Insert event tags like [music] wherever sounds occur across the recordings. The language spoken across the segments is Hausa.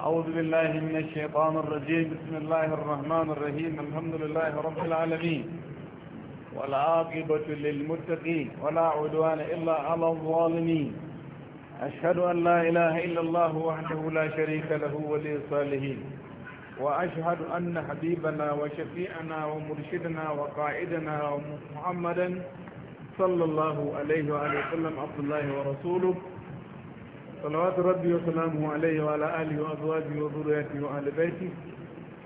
أعوذ بالله من الشيطان الرجيم بسم الله الرحمن الرحيم الحمد لله رب العالمين والعاقبة للمتقين ولا عدوان إلا على الظالمين أشهد أن لا إله إلا الله وحده لا شريك له ولي صالحين وأشهد أن حبيبنا وشفيعنا ومرشدنا وقائدنا ومحمدا صلى الله عليه اله وسلم عبد الله ورسوله صلوات ربي وسلامه عليه وعلى آله وأزواجه وذريته وآل بيته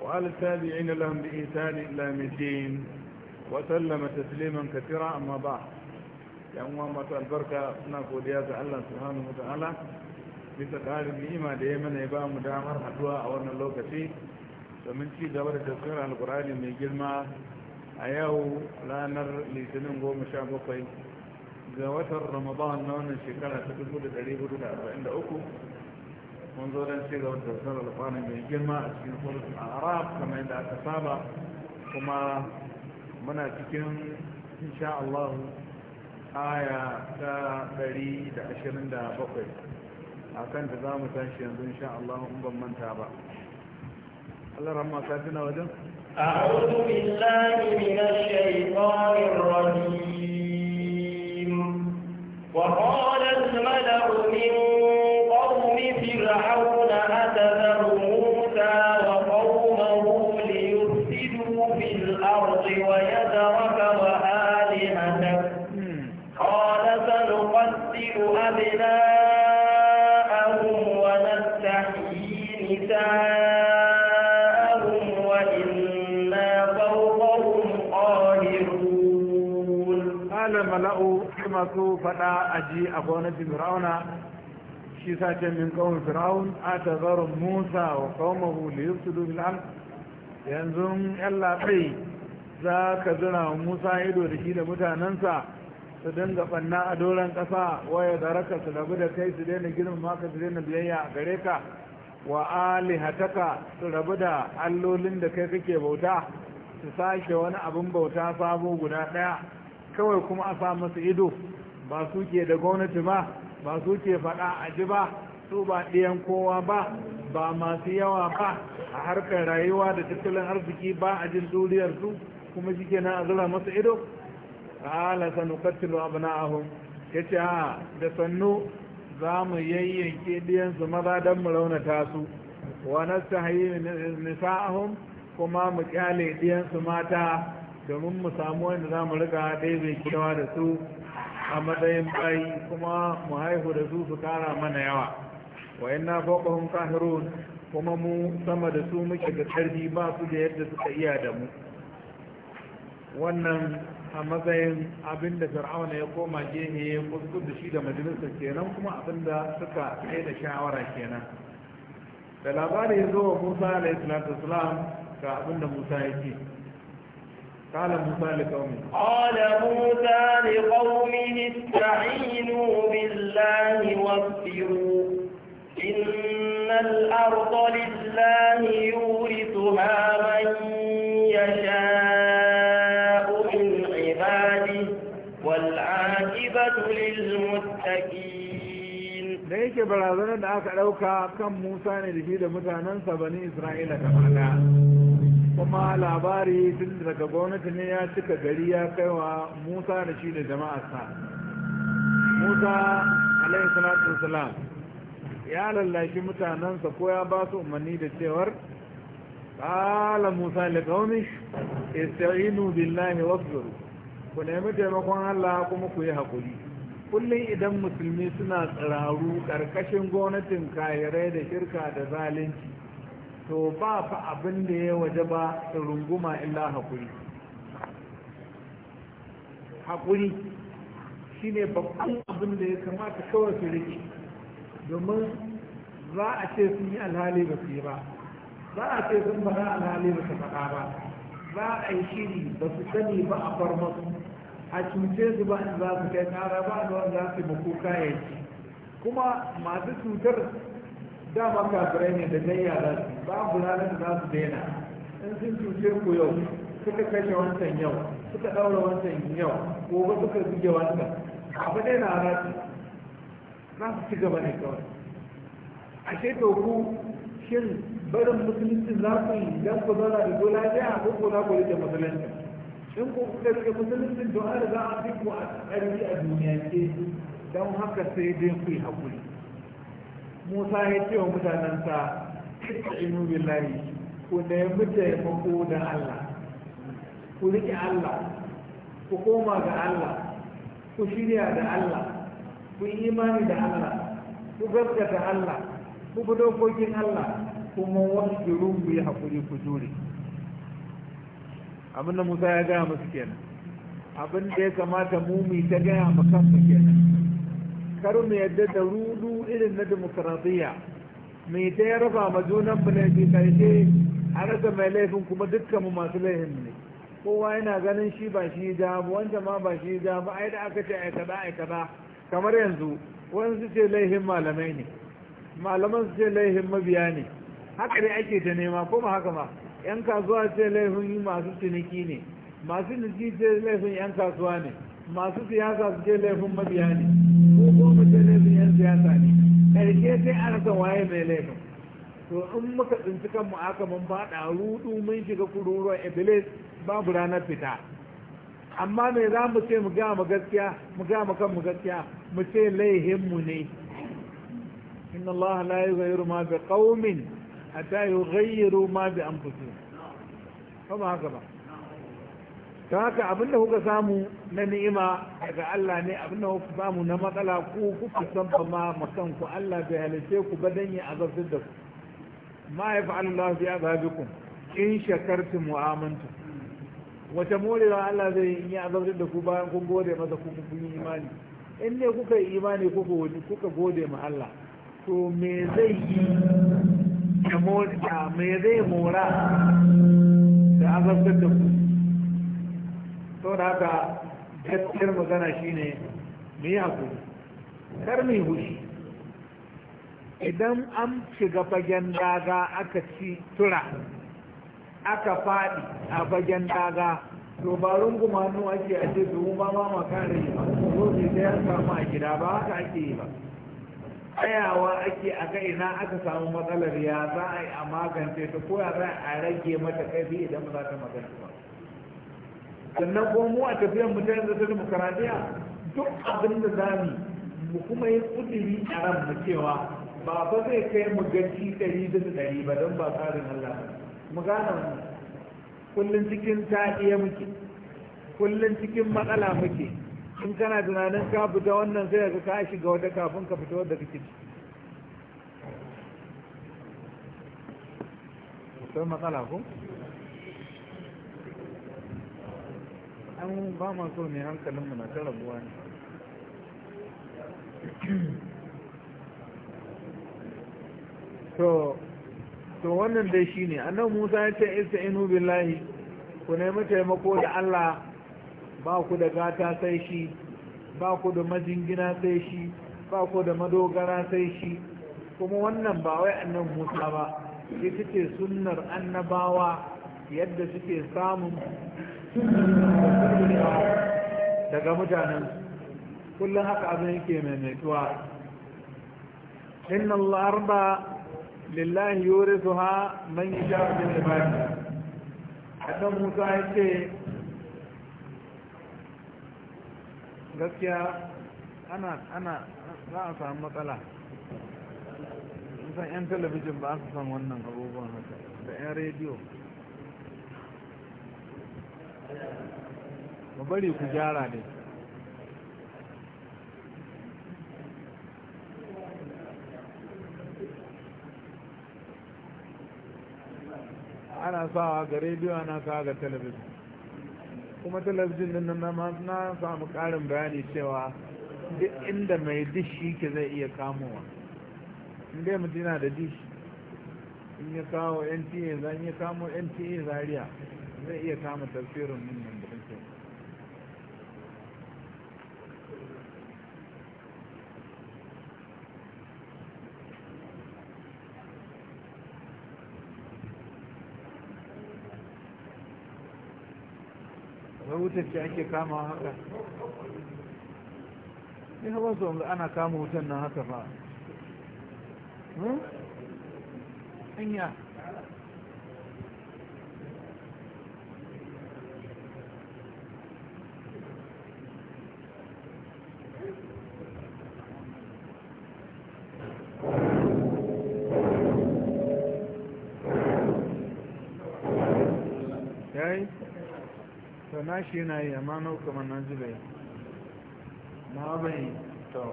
وآل التابعين لهم بإنسان إلا مدين وسلم تسليما كثيرا أما بعد يا أمامة البركة نقول يا الله سبحانه وتعالى bisa ƙarin دائما da مدامر حدوى ya ba mu كثير haduwa a wannan lokaci domin القران gaba da a yau ranar litinin goma sha bakwai ga watan ramadan na wannan shekara ta dubu da dari hudu da arba'in da uku mun zo don ci gaba da sarar alfani mai girma a cikin a arab kamar yadda aka saba kuma muna cikin insha Allah aya ta dari da ashirin da bakwai a kan ta za mu tashi yanzu insha Allah in ban manta ba Allah rahama ka tuna wajen أعوذ بالله من الشيطان الرجيم وقال الملأ من قوم فرعون أتذر موسى وقومه ليفسدوا في الأرض ويذرك وآلهتك قال سنقتل أبناءهم ونستحيي نساءهم mala'u masu faɗa aji a gwamnatin fir'auna shi sace min kawun fir'aun a tazarun musa wa kawomahu da yusuf yanzu yan latsai za ka wa musa ido da shi da mutanensa su dinga ɓanna a doron ƙasa waya raka su rabu da kai su daina girmama maka su daina biyayya a gare ka wa alihataka su rabu da allolin da kai kake bauta su sake wani abin bauta sabo guda ɗaya kawai kuma a sa masu ido ba su ke da gwamnati ba ba su ke faɗa a ji ba su ba ɗiyan kowa ba ba masu yawa ba a harkar rayuwa da tattalin arziki ba a jin duriyarsu kuma shi kenan a zura masu ido na ahu ya yace a da sannu za mu yayyanke ɗiyansu maza don mu raunata su wa nastahi nisa'ahum kuma mu kyale ɗiyansu mata domin mu samu wanda za mu dai mai kewa da su a matsayin bayi kuma mu haihu da su su kara mana yawa wa na fawqahum kahirun kuma mu sama da su muke da karfi ba su da yadda suka iya da mu wannan a matsayin abin da fir'auna ya koma gehe ya kuskus da shi da majalisar kenan kuma abin da suka kai da shawara kenan da labarin zuwa zo wa musa alaihi salatu ga abin da musa ya قال موسى لقومه قال موسى لقومه استعينوا بالله واصبروا إن الأرض لله يورثها من يشاء من عباده والعاقبة للمتقين da yake barazanar da aka ɗauka kan Musa ne da shi da mutanensa bani Isra'ila gaba ɗaya kuma labari tun daga gwamnati ne ya cika gari ya kaiwa musa da shi da jama'arsa musa alaihi salatu ya lallashi mutanensa ko ya ba su umarni da cewar ƙala musa da gauni ista'inu billahi wasu ku nemi taimakon allah kuma ku yi haƙuri kullum idan musulmi suna tsiraru ƙarƙashin gwamnatin kayarai da shirka da zalunci to ba fa abin da ya waje ba runguma illa hakuri? Hakuri shi ne babban abin da ya kamata kawai su riƙe domin za a ce sun yi alhali ba su yi ba za a ce sun fara alhali ba su faɗa ba za a yi shiri ba su sani ba a far masu a cuce su ba in za su kai ƙara ba da wanda za su yi makuka yanki kuma masu cutar dama kafirai ne da gayya za su babu ranar da za su daina in sun cuce ku yau suka kashe wancan yau suka daura wancan yau gobe suka zuge wancan abu daina su za su ci gaba ne kawai a to ku shin barin musulunci za ku yi don ku zauna da dola ɗaya ko ko za ku rike musulunci in ku kuka rike musulunci don an za a fi ku a ƙarfi a duniya ce don haka sai dai ku yi haƙuri musa ya ce wa mutanensa inu billahi ku nemi taimako da allah ku riƙe allah ku koma ga allah ku shirya da allah ku yi imani da allah ku gaskata allah ku bi dokokin allah kuma jirun bu yi haƙuri ku jure abin musa ya gaya musu kenan abin da ya kamata mu ta gaya mu kanmu kenan kar mu yadda da rudu irin na demokaradiyya mai ta ya raba ma junan mu ke karshe a rasa mai laifin kuma dukkan mu masu laifin ne kowa yana ganin shi ba shi da ba wanda ma ba shi da ba ai da aka ce aika kaza aika kamar yanzu wani su ce laifin malamai ne malaman su ce laifin mabiya ne haka dai ake ta nema ko haka ba yan kasuwa ce laifin masu ciniki ne masu ciniki ce laifin yan kasuwa ne masu siyasa su ce laifin mabiya ne ko ko mu ce laifin yan siyasa ne karshe sai a rasa waye mai laifin to in muka tsinci kanmu aka mun faɗa rudu mun shiga kururuwa iblis babu ranar fita amma me za mu ce mu gama gaskiya mu gama mu gaskiya mu ce mu ne inna Allah la yughayyiru ma bi qaumin hatta yughayyiru ma bi anfusihim kuma haka ba ta haka abinda kuka samu na ni'ima daga Allah ne abinda kuka samu na matsala ku kuka san ba ma makan ku Allah bai halice ku ba dan ya azabtar da ku ma ya fa'alu Allah bi azabikum in shakartum wa amantum wace morewa Allah zai yi azabtar da ku bayan kun gode masa ku kun yi imani in ne kuka yi imani kuka kuka gode ma Allah to me zai yi me zai mora da azabtar da ku sau da haka gaskiyar magana shine ne yi haƙuri kar hushi idan an shiga fagen daga aka ci tura aka faɗi a fagen daga dubarun gumanu ake a domin ba ma makare ba ko ne da ya samu a gida ba haka ake yi ba tsayawa ake a ga ina aka samu matsalar ya za a yi a magance ta ko za a rage mata kaifi idan ba za ta magance ba sannan ko mu a tafiyar mu ta yanzu ta demokaradiyya duk abin da za mu kuma yi kudiri a ran mu cewa ba ba zai kai mu gaci ɗari bisa ɗari ba don ba tsarin Allah ba mu gane mu kullum cikin taɗiya muke kullum cikin matsala muke in kana tunanin ka fita wannan sai ka ka shiga wata kafin ka fita wadda kake ciki sai matsala ko an ba ma so ne hankalin mu na ta rabuwa ne to to wannan dai shine annabi Musa ya ce ista'inu billahi ku nemi taimako da Allah ba ku da gata sai shi ba ku da majingina sai shi ba ku da madogara sai shi kuma wannan ba wai annan musa ba ita ce sunnar annabawa yadda suke samun daga mutanen kullum haka abin yake maimaituwa inna Allah arba lillahi yori ha man yi sha'adun ibadi adam musa ya ce gaskiya ana ana za a samu matsala san 'yan talabijin ba su san wannan abubuwan haka da 'yan rediyo mu bari ku gyara ne ana sawa ga rediyo ana sawa ga talabijin kuma talabijin din nan na samu karin bayani cewa duk inda mai dishi ke zai iya kamowa in dai mutum da dishi in ya kawo nta zan iya kamo nta zaria zai iya samun tafsirin mun nan da kake wutar ce ake kama haka ne haɓar su wanda ana kama wutan na haka ba hanyar hmm? nashi yana yi amma nau kamar na ji bai na bai to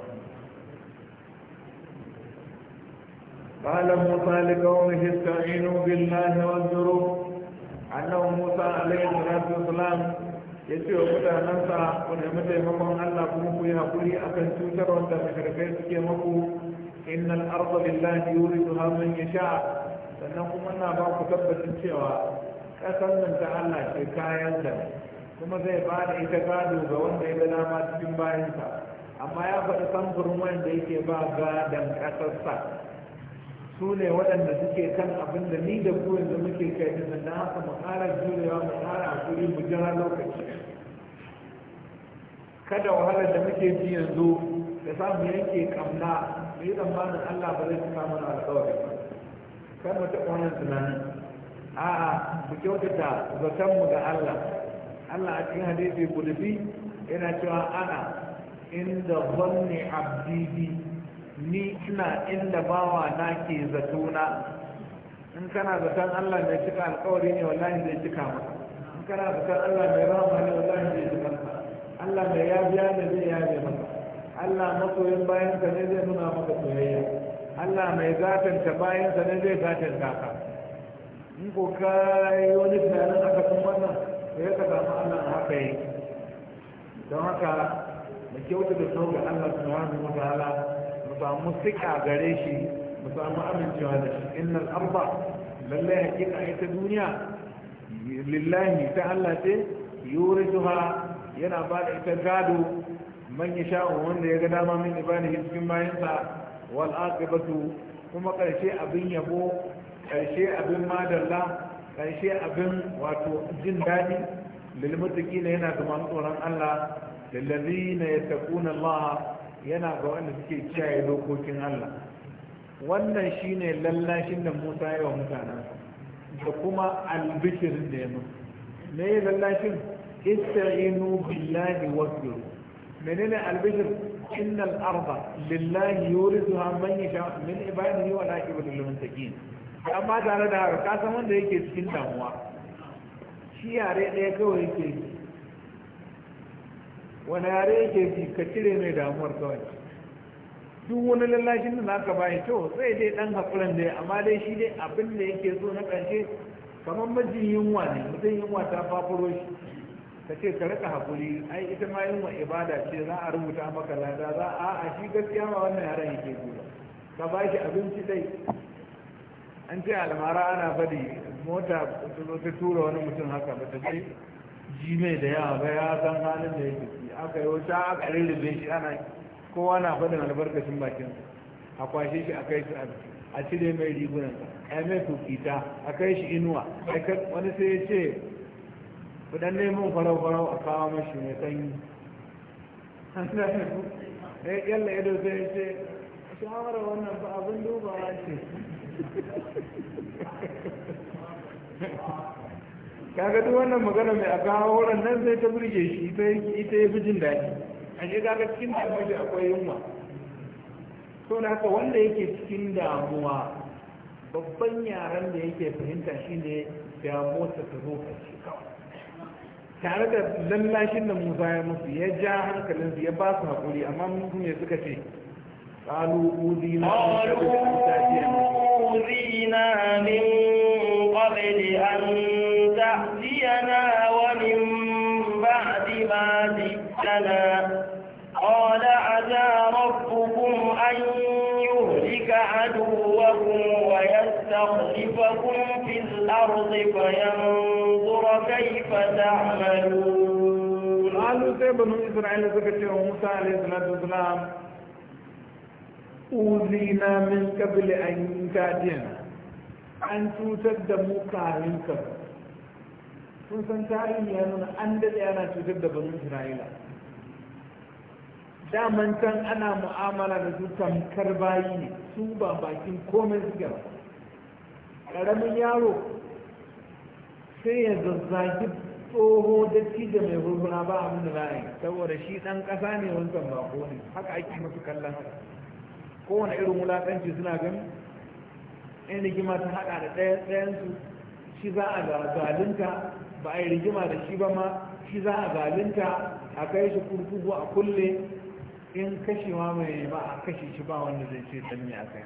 قال موسى لقومه استعينوا بالله واذكروا انه ya ce wa mutanensa ku nemi taimakon Allah kuma ku yi haƙuri a kan cutar wanda makarfai suke maku innal arda lillahi yuriduha man yasha sannan kuma na ba ku tabbacin cewa ƙasar nan ta Allah ce kayan ta kuma zai ba da ita gado ga wanda ya ga dama cikin bayansa amma ya faɗi samfurin wanda yake ba gadon ƙasarsa su ne waɗanda suke kan abin da ni da ku yanzu muke kai da da haka mu ƙara jurewa mu ƙara hakuri mu jira lokaci kada wahalar da muke ji yanzu da samu yanke kamna mu yi tsammanin Allah ba zai cika mana alƙawari ba kar mu taɓa tunanin a'a mu kyautata zaton mu ga Allah Allah a cikin hadisi kudufi yana cewa ana inda zanni abdidi ni ina inda bawa na ke zatona in kana zaton Allah mai cika alkawari ne wallahi zai cika maka in kana zaton Allah mai rahama ne wallahi zai cika maka Allah mai yabiya ne zai yabe maka Allah masoyin bayan ka ne zai nuna maka soyayya Allah mai gatanta bayan sa ne zai gatanta ka in ko ka yi wani tunanin aka san wannan sai ka samu Allah a haka yi don haka mu kyauta da sau ga Allah subhanahu wa ta'ala mu samu sika gare shi mu samu amincewa da shi innal arda lalle hakika ita duniya lillahi ta Allah ce yurisuha yana ba da ita gado man yasha'u wanda ya ga dama min ibadihi cikin bayansa wal aqibatu kuma karshe abin yabo karshe abin madalla ƙarshe abin wato jin daɗi lilmutaki ne yana zama tsoron Allah lallazi na ya taƙuna Allah yana ga wanda suke kiyaye dokokin Allah wannan shi ne lallashin da Musa ya wa mutanen da kuma albishirin da ya me ya lallashin ista'inu billahi wasbiru menene albishir innal arda lillahi yuriduha man yasha min ibadihi wa la yuridu lil muttaqin amma tare da haka kasan wanda yake cikin damuwa shi yare ɗaya kawai yake ji wani yare yake ji ka cire mai damuwar kawai duk wani lallashin da naka bayi to sai dai ɗan haƙuran dai amma dai shi dai abin da yake so na ƙarshe kamar majin yunwa ne mutum yunwa ta fafuro shi ka ce ka rika haƙuri ai ita ma yunwa ibada ce za a rubuta maka lada za a a shi gaskiya ma wannan yaren yake ka ba shi abinci dai an ce almara ana faɗi mota ta tura wani mutum haka ba ta ce ji mai da yawa ba ya san halin da yake ciki aka yi wata aka rirribe shi ana kowa na fadin albarkacin bakin a kwashe shi a kai su a cire mai rigunan a mai kukita a kai shi inuwa wani sai ya ce kudan neman farau-farau a kawo mashi mai sanyi [laughs] eh, yalla ido sai ya ce shawara wannan ba abin dubawa ce kaga duk wannan magana mai a kawo wurin nan sai ta burge shi ita ya fi jin daɗi a kaga cikin damuwa da akwai yunwa to na haka wanda yake cikin damuwa babban yaren da yake fahimta shi ne damuwa ta zo ƙarshe kawai tare da lallashin da musa ya mafi ya ja hankalinsu ya ba su haƙuri amma mun ne suka ce قالوا أوذينا من قبل أن تأتينا ومن بعد ما جئتنا قال عسى ربكم أن يهلك عدوكم ويستخلفكم في الأرض فينظر كيف تعملون قالوا سيبنوا إسرائيل سكتشوا وموسى عليه الصلاة والسلام uzina min a an tadiyana an cutar da mu sun san tarihi ya nuna an daɗe ana cutar da banu isra'ila daman can ana mu'amala da su tamkar bayi ne su ba bakin komai suke ba ƙaramin yaro sai ya zazzaki tsoho da da mai gurguna ba abin da za yi saboda shi ɗan ƙasa ne wancan bako ne haka ake masu kallon haka kowane irin wulakanci suna gani in rigima ta haɗa da ɗayansu shi za a zalunta ba a yi rigima da shi ba ma shi za a zalunta a kai shi kurkuku a kulle in kashewa mai ba a kashe shi ba wanda zai ce tsanni a kai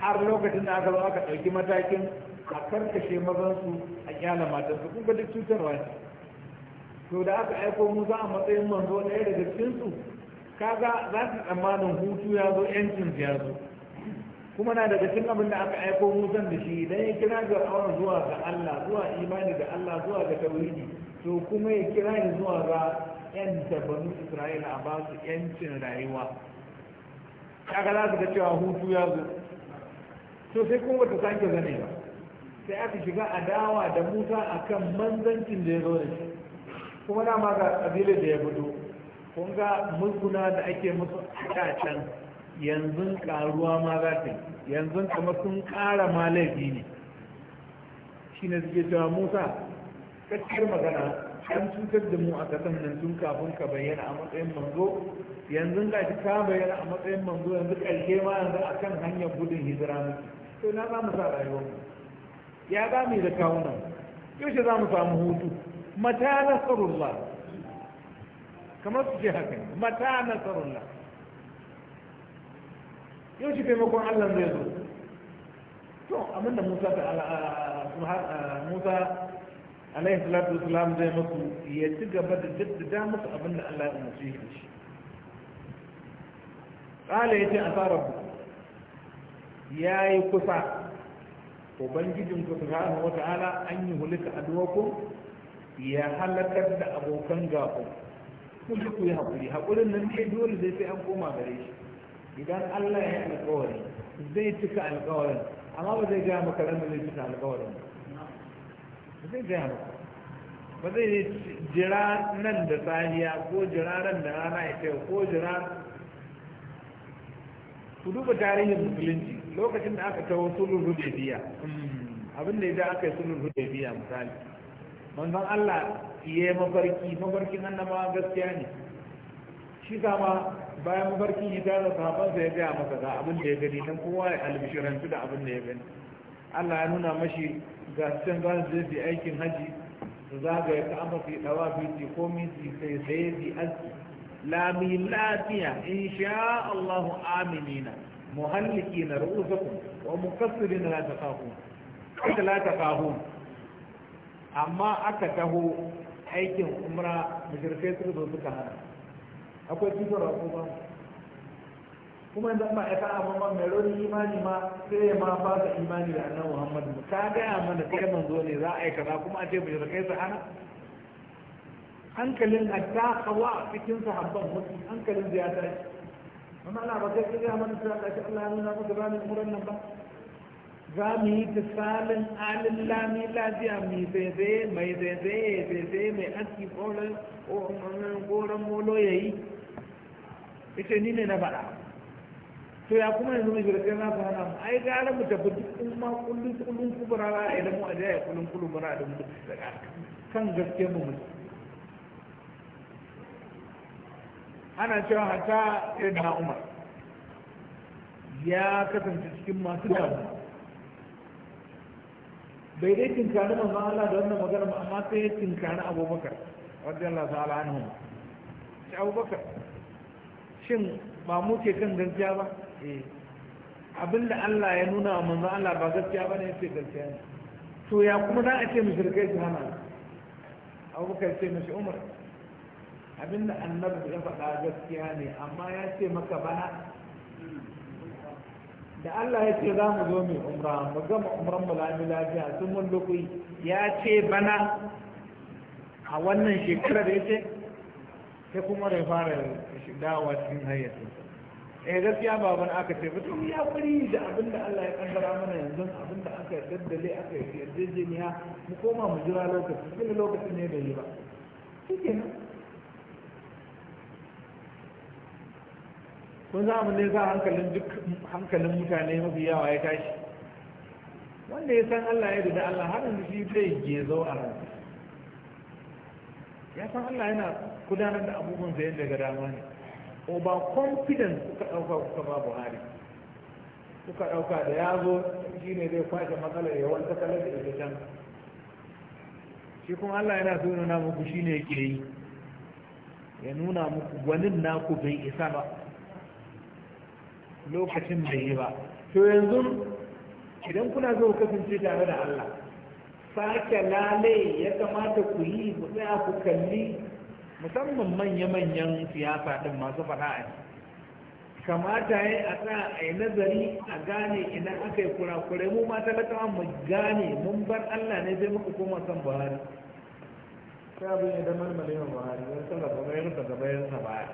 har lokacin da aka zo aka ɗauki matakin a karkashe mazansu a kyala matansu, kun ga duk cutarwa ne to da aka aiko musa a matsayin manzo ɗaya daga cikinsu kaga za su tsammanin hutu ya zo yancin ya zo kuma na daga cikin abin da aka aiko musan da shi idan ya kira ga auren zuwa ga Allah zuwa imani da Allah zuwa ga tauhidi to kuma ya kira zuwa ga yan banu Isra'ila a ba su yancin rayuwa kaga za su ga cewa hutu ya zo to sai kuma bata sake zane ba sai aka shiga adawa da Musa akan manzancin da ya zo da shi kuma dama ga kabilar da ya fito kun ga da ake musu a can yanzu karuwa ma za ta yanzu kama sun kara ma laifi ne shi ne suke cewa musa kakkar magana an cutar da mu a kasan nan tun kafin ka bayyana a matsayin manzo yanzu ga shi ka bayyana a matsayin manzo yanzu karshe ma yanzu a kan hanyar gudun hijira ne to na za mu sa rayuwar ya za mu yi da kawunan yaushe za mu samu hutu mata nasarullah kamar su ce haka ne mata nasarullah yau shi taimakon Allah zai zo to abinda Musa ta Musa alaihi salatu wasalam zai maku ya ci gaba da jaddada musu abinda Allah ya umarci shi ce a tsara ku ya yi kusa ubangijin ku wata ala an yi hulika aduwakum ya halakar da abokan gafu sun ji ku yi haƙuri haƙurin nan ne dole zai sai an koma gare shi idan Allah ya yi alƙawari zai cika alƙawarin amma ba zai gaya maka ranar zai cika alƙawarin ba zai gaya maka ba zai jira nan da saniya ko jira nan da rana ya kai ko jira ku duba tarihin musulunci lokacin da aka taho sulhul hudaybiya abin da ya da aka yi sulhul hudaybiya misali manzon Allah ya mafarki mafarkin annaba gaskiya ne shi kama bayan mafarki ya tara sahabansa ya gaya masa ga abin da ya gani dan kowa ya albishirantu da abin da ya gani Allah ya nuna mashi ga can za su aikin haji su zagaye ka amma su yi dawa su yi komi sai sai aski lami lafiya insha Allahu aminina muhallikina ru'usakum wa mukassirina la taqafun la taqafun amma aka taho aikin umra mashirkai suka zo suka hana akwai cutarwa a ba kuma yanzu ba ya fara mamma mai rauni imani ma sai ma ba ka imani da annabi muhammadu ka gaya mana kai zo ne za a yi kaza kuma a ce mashirkai su hana hankalin ta kawa cikin sahabban mutum hankalin ziyarta shi amma ana ba kai ka ya mana shi Allah ya nuna maka ba ne umuran nan ba za mu yi misalin alin lami lafiya mai zaizaye mai zaizaye ya zaizaye mai aski koren molo ya yi ita ni ne na faɗa to ya kuma yanzu mai jirgin na fara mu ai gara mu tafi duk in ma kullum kullum kubura za a idan mu a jaya kullum kullum muna da mu kan gaske mu mutu ana cewa hata irin na umar ya kasance cikin masu damu bai dai tinkani manzo Allah da wannan magana ba amma sai ya tinkani abubakar radiyallahu ta'ala anhu shi abubakar shin ba mu kan gaskiya ba eh abinda Allah ya nuna wa manzo Allah ba gaskiya ba ne yace gaskiya ne to ya kuma za a ce mushrikai su hana abubakar ce mashi umar abinda annabi ya faɗa gaskiya ne amma ya ce maka bana da Allah ya ce za mu zo mai umra mu gama umran mu lami lafiya sun mun lokaci ya ce bana a wannan shekarar ya ce sai kuma da fara dawowa cikin hayyacin eh gaskiya baban aka ce mutum ya kuri da abin da Allah ya kaddara mana yanzu abin da aka daddale aka yarjejeniya mu koma mu jira lokaci cikin lokacin ne da yi ba kun za mu ne za hankalin duk hankalin mutane mafi yawa ya tashi wanda ya san Allah ya da Allah har yanzu shi zai gezo a ran ya san Allah yana gudanar da abubuwan sa yadda ga dama ne ba confidence kuka dauka kuka ba Buhari kuka dauka da ya zo shine zai kwashe matsalar ya wanta kalar da ita can shi kuma Allah yana so nuna muku ne ke yi ya nuna muku gwanin naku bai isa ba lokacin da yi ba to yanzu idan kuna zo kasance tare da Allah sake lale ya kamata ku yi ku tsaya ku kalli musamman manya-manyan siyasa din masu faɗa a kamata ya a tsaya a yi nazari a gane idan aka yi kurakurai mu ma talakawa mu gane mun bar Allah ne sai muku koma son Buhari sai ne ya damar malayin Buhari ya san gaba ya rusa gaba ya rusa baya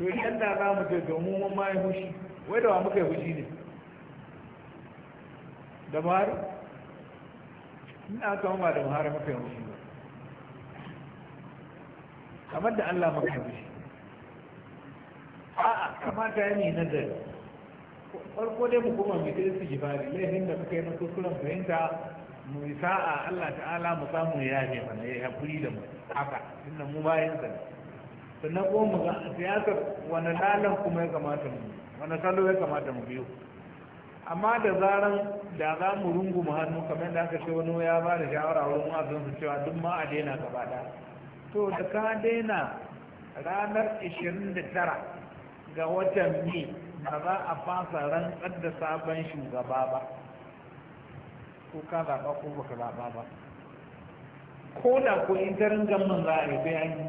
to yadda da za mu je domin mu ma yi hushi wai da wa muka yi fushi ne da buhari ina kama ba da buhari muka yi fushi ba kamar da allah muka yi fushi a'a kamata ya ne nazari farko dai mu koma mai tsaye su jibari laifin da suka yi na kuskuren fahimta mu yi sa'a allah ta'ala mu samu ya ne mana ya haƙuri da mu haka tunda mu bayan sannan kuma mu ga siyasar wani lalan kuma ya kamata mu wanda kallo ya kamata mu biyo amma da zaran da za mu rungu mu hannu kamar da aka ce wani ya ba da shawara wurin wazon su cewa duk ma a daina gaba da to da ka daina ranar 29 ga watan mai ba za a fasa rantsar da sabon shugaba ba ko ka zaɓa ko ba ka zaɓa ba ko da ko intarin gamman za a yi bayani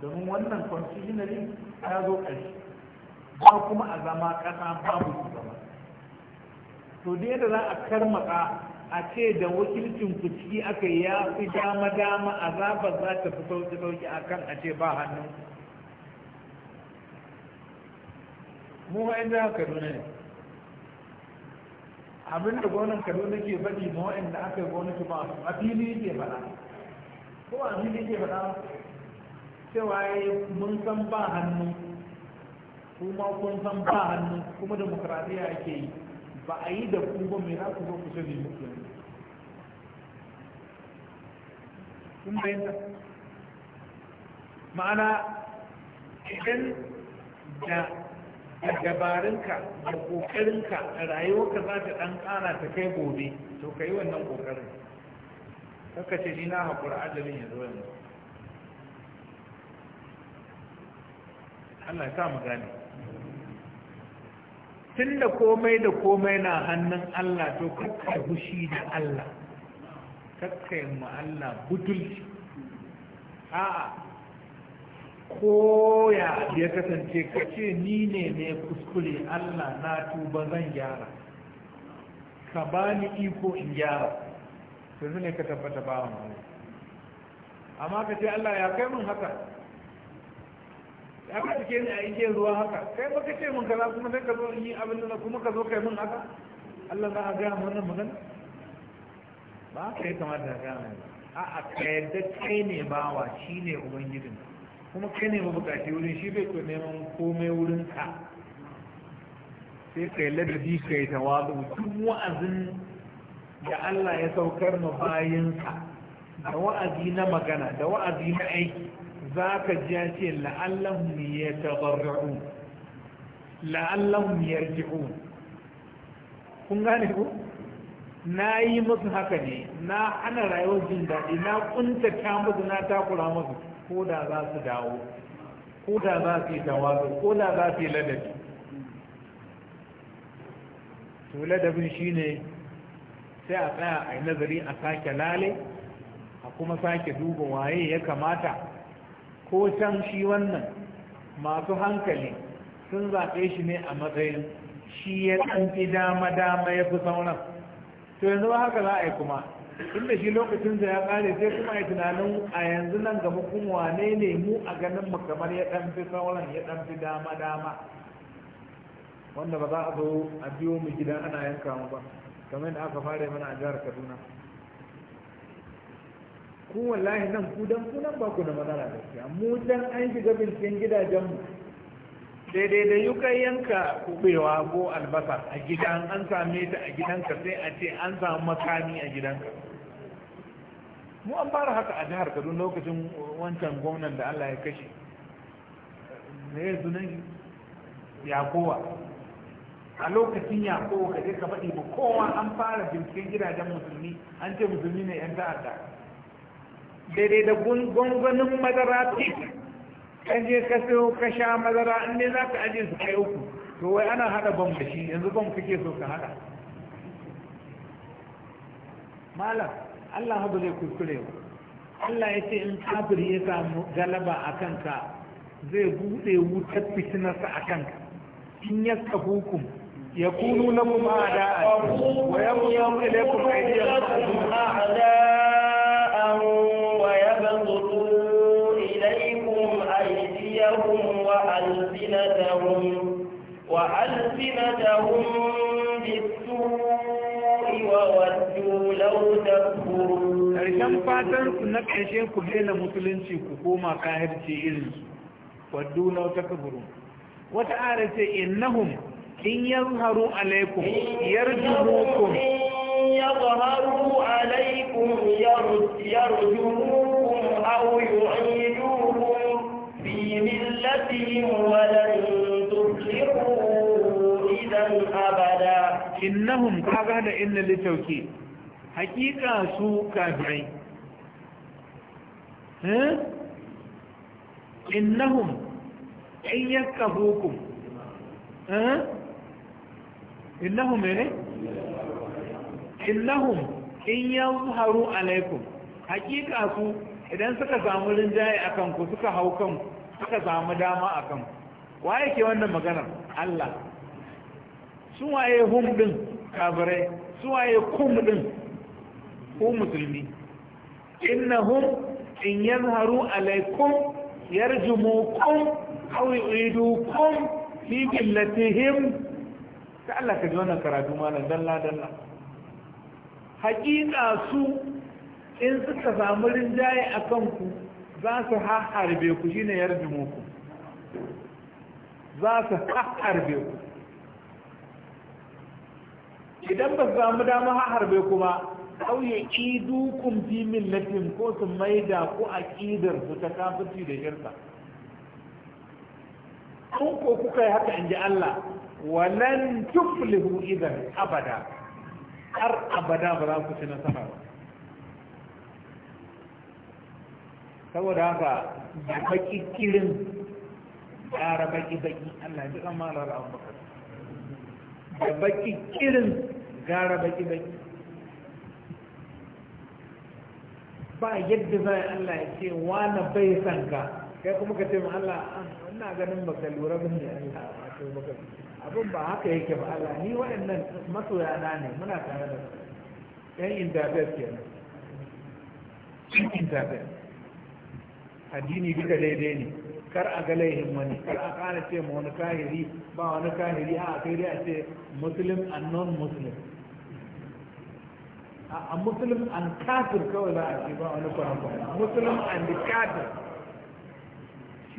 domin wannan constitutionally ta zo ƙarshe ba kuma a zama ƙasa babu shugaba to da yadda za a karmaka a ce da wakilcin ku ciki aka ya fi dama dama a zaba za ta fi sauki sauki kan a ce ba hannun mu ma'in za kaduna ne abin da gonan kaduna ke faɗi ma wa'in da aka yi su ba a fili ke faɗa ko a fili ke faɗa cewa mun san ba hannu kuma kun san ba hannu kuma demokradiyya ake yi ba a yi da kuma mai za ku zo ku shirya muku yanzu ma'ana idan da dabarinka da kokarinka a rayuwarka za ta ɗan ƙara ta kai gobe to ka yi wannan kokarin kaka ce ni na haƙura ajalin ya yanzu Allah ya sa mu gane Tunda komai da komai na hannun Allah to kakka bushi da Allah kakka yi Allah butulci a'a ko ya ya kasance kace ce ni ne ne kuskure Allah na tuba zan gyara ka bani iko in gyara to ne ka tabbata ba amma ka ce Allah ya kai mun haka da aka cike a igiyar ruwa haka kai baka ce mun kaza kuma sai ka zo yi abin da kuma ka zo kai mun haka Allah za a gaya wannan magana ba ka yi kamata ka gaya mai a a kai yarda kai ne bawa shi ne ubangijin kuma kai ne mabukaci wurin shi bai kuwa neman komai wurin ka sai kai ladabi kai yi tawazu duk wa'azin da Allah ya saukar ma bayansa da wa'azi na magana da wa'azi na aiki za ka ji ya ce la'allahum ya tabarra'u la'allahum yarji'u kun gane ku na yi musu haka ne na hana rayuwar jin daɗi na ta musu na takura musu ko da za su dawo ko da za su yi tawazu ko da za su yi ladabi to ladabin shine sai a tsaya a yi nazari a sake lale a kuma sake duba waye ya kamata ko can shi wannan masu hankali sun zaɓe shi ne a matsayin shi ya ɗanfi dama-dama ya fi sauran to yanzu ba haka za a yi kuma inda shi lokacin da ya ƙare sai kuma ya tunanin a yanzu nan ga hukun wane ne mu a ganin mu kamar ya ɗanfi sauran ya ɗanfi dama-dama wanda ba za a zo a biyo mu gidan ana yanka mu ba kamar yadda aka fara mana a jihar kaduna ku wallahi nan ku dan ku nan ba ku da shi. gaskiya mu dan an shiga binciken gidajen mu daidai da yuka yanka kubewa ko albasa a gidan an same ta a gidanka sai a ce an samu makami a gidanka mu an fara haka a jihar kaduna lokacin wancan gwamnan da allah ya kashe me ya sunan yakowa a lokacin yakowa ka je ka faɗi ba kowa an fara binciken gidajen musulmi an ce musulmi ne yan ta'adda daidai da gwangwanin madara tik kan je ka sayo ka sha madara in ne za ka aje su kai uku to wai ana hada bam da shi yanzu bam kake so ka hada malam Allah haɗu zai kuskure ba Allah ya ce in kafiri ya samu galaba a kanka zai buɗe wutar fitinarsa a kanka in ya hukum ya kunu na mu ba da wa ya mu yau ilaikum aidiyar ma'adun وألسنتهم وألسنتهم بالسوء وودوا لو تكفرون ƙarshen fatar ku na ƙarshe ku daina musulunci ku koma kahirce irin su waddu lau takfurun wata ara ce innahum in yazharu alaikum yarjumukum يظهروا عليكم يرجموكم أو يعيدوكم ملتهم ولن تفلحوا إذا أبدا إنهم كغاد إن للتوكيد حقيقة سوء كافرين ها إنهم إن يكفوكم ها إنهم إيه إنهم إن يظهروا عليكم حقيقة سوء idan suka samu rinjaye a kanku suka aka samu dama a kan waye ke wannan maganar Allah su waye hum din kafirai su waye kum din ku musulmi innahum in yazharu alaikum yarjumukum aw yu'idukum fi billatihim ta Allah ka ji wannan karatu malam dalla dalla hakika su in suka samu rinjaye akan ku za su harbe ku ne yarjumu ku za su harbe ku idan ba su samu dama harbe ku ba kauye idukun fi millatin ko su maida ku a kidar su ta kafirci da shirka kun ko kuka yi haka in ji Allah walan tuflihu idan abada har abada ba za ku ci nasara ba saboda haka da baki kirin ƙara baki baki Allah ji kan malar abubakar da baki kirin gara baki baki ba yadda za a Allah ya ce na bai san ka kai kuma ka ce ma Allah ah, ina ganin baka lura bin ne Allah wato baka abin ba haka yake ba Allah ni waɗannan masoya na ne muna tare da su yan interface kenan yan interface addini duka daidai ne kar a ga laihin wani kar a kana ce ma wani kahiri ba wani kahiri a kai dai a ce muslim and non muslim a muslim and kafir kawai za a ce ba wani kwanan muslim and kafir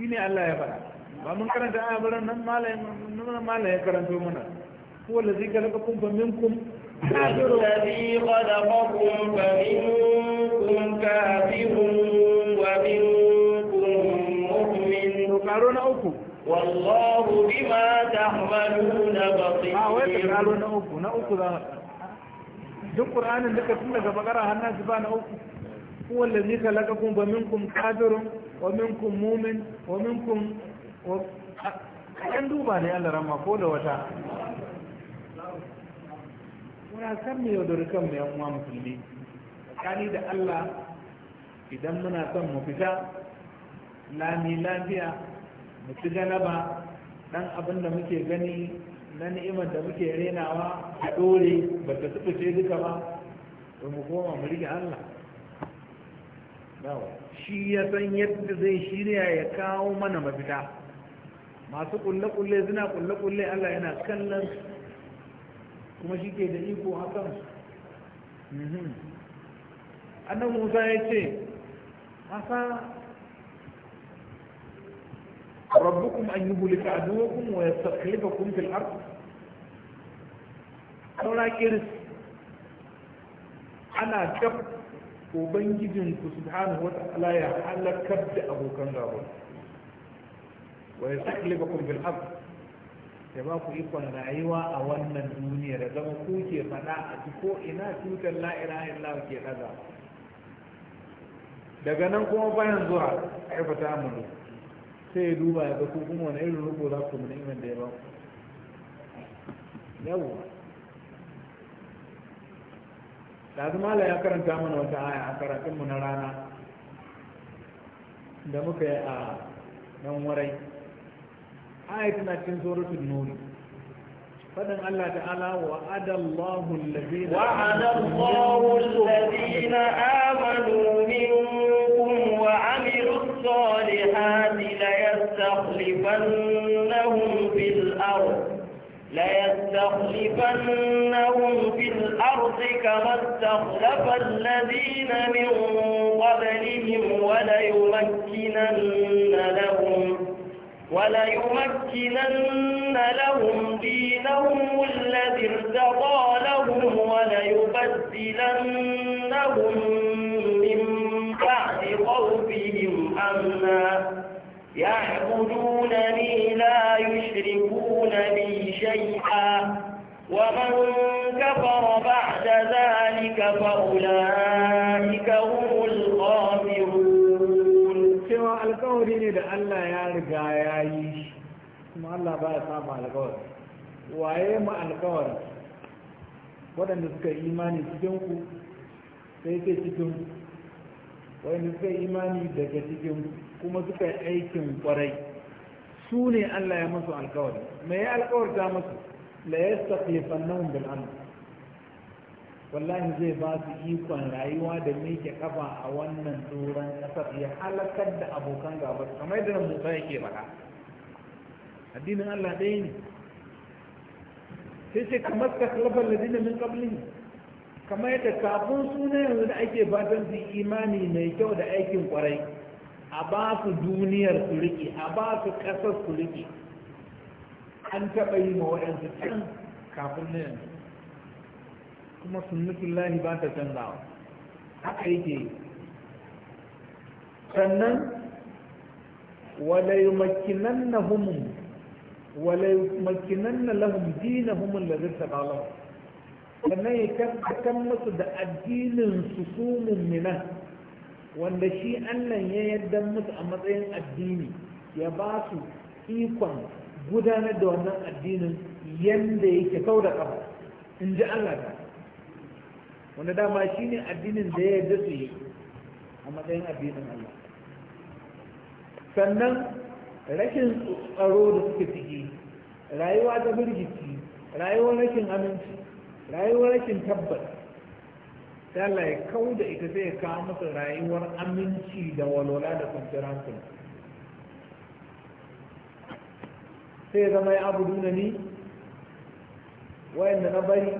ne Allah ya faɗa ba mun karanta a baran nan malayin nan karanto mana ko da zika laka kun fa minkum الذي خلقكم فمنكم كافر ومنكم na uku wallahu bima ta'maluna basir ah wai ka karo na uku na uku za duk qur'anin duka tun daga bakara har na ba na uku huwa allazi khalaqakum ba minkum kafirun wa minkum mu'min wa minkum wa kan duba ne Allah ramma ko da wata muna san mu yaudari kan mu yan uwa musulmi tsakani da Allah idan muna son mu fita lami lafiya mu ci galaba dan abin da muke gani na ni'imar da muke renawa a dore ba ta tsubuce duka ba to mu koma mu rike Allah yawa shi ya san yadda zai shirya ya kawo mana mafita masu kulle-kulle suna kulle-kulle Allah yana kallon kuma shi ke da iko hakan mhm. annabi musa ya ce asa ربكم an yuhlika عدوكم ويستخلفكم في الأرض أنا saura kiris ana gab ubangijinku subhanahu wa ta'ala كبد أبو da abokan gaba الأرض yastakhlifakum ya ba ku ikon rayuwa a wannan duniya da zama kuke ke fada a ci ko ina tutar la'ira illa ke ɗaga daga nan kuma bayan zuwa aifata amuru sai ya duba ya ga ko kuma wani irin rubo za ku mini iman da ya ba ku yau zama mala ya karanta mana wata aya a karatunmu na rana da muka yi a nan warai aya tana cin suratul nuri فدن الله تعالى وعد الله الذين وعد الله الذين آمنوا منكم وعملوا الصالحات ليستخلفنهم في الأرض يستخلفنهم في الأرض كما استخلف الذين من قبلهم وليمكنن لهم يمكنن لهم دينهم الذي ارتضى لهم يبدلنهم يعبدونني لا يشركون بي شيئا ومن كفر بعد ذلك فأولئك هم الخاسرون سوى القول ده الله يا رجاي ما الله بقى سامع القول waye ma alkawari waɗanda suka imani cikinku sai sai cikinku wanda suka yi imani daga cikin kuma suka yi aikin kwarai su ne Allah ya masu alkawari me ya alkawarta masu? la yastakhlifannahum bil wallahi zai ba su ikon rayuwa da mike kafa a wannan tsoron ƙasar ya halakar da abokan gaba kamar yadda Musa yake faɗa addinin Allah ɗaya ne sai ce kamar ka kalafar ladina min kablin kamar yadda kafin suna yanzu da ake fatan su imani mai kyau da aikin kwarai a ba su duniyar su riƙe a ba su ƙasar su riƙe an taɓa yi ma waɗansu can kafin na yanzu kuma lahi ba ta canzawa haka yake sannan wala yumakkinannahum wala yumakkinanna humun lalata ba tabala sannan ya tabbatar musu da addinin su su mummina wanda shi Allah ya yarda musu a matsayin addini ya ba su ikon gudanar da wannan addinin yadda yake kau da kafa in ji Allah da wanda dama shi ne addinin da ya yarda su yi a matsayin addinin Allah sannan rashin tsaro da suke ciki rayuwa ta birgici rayuwar rashin aminci rayuwar rashin tabbas sai Allah ya kau da ita zai kawo masa rayuwar aminci da walwala da kwanciyar sai zama ya abu duna ni wayanda na bari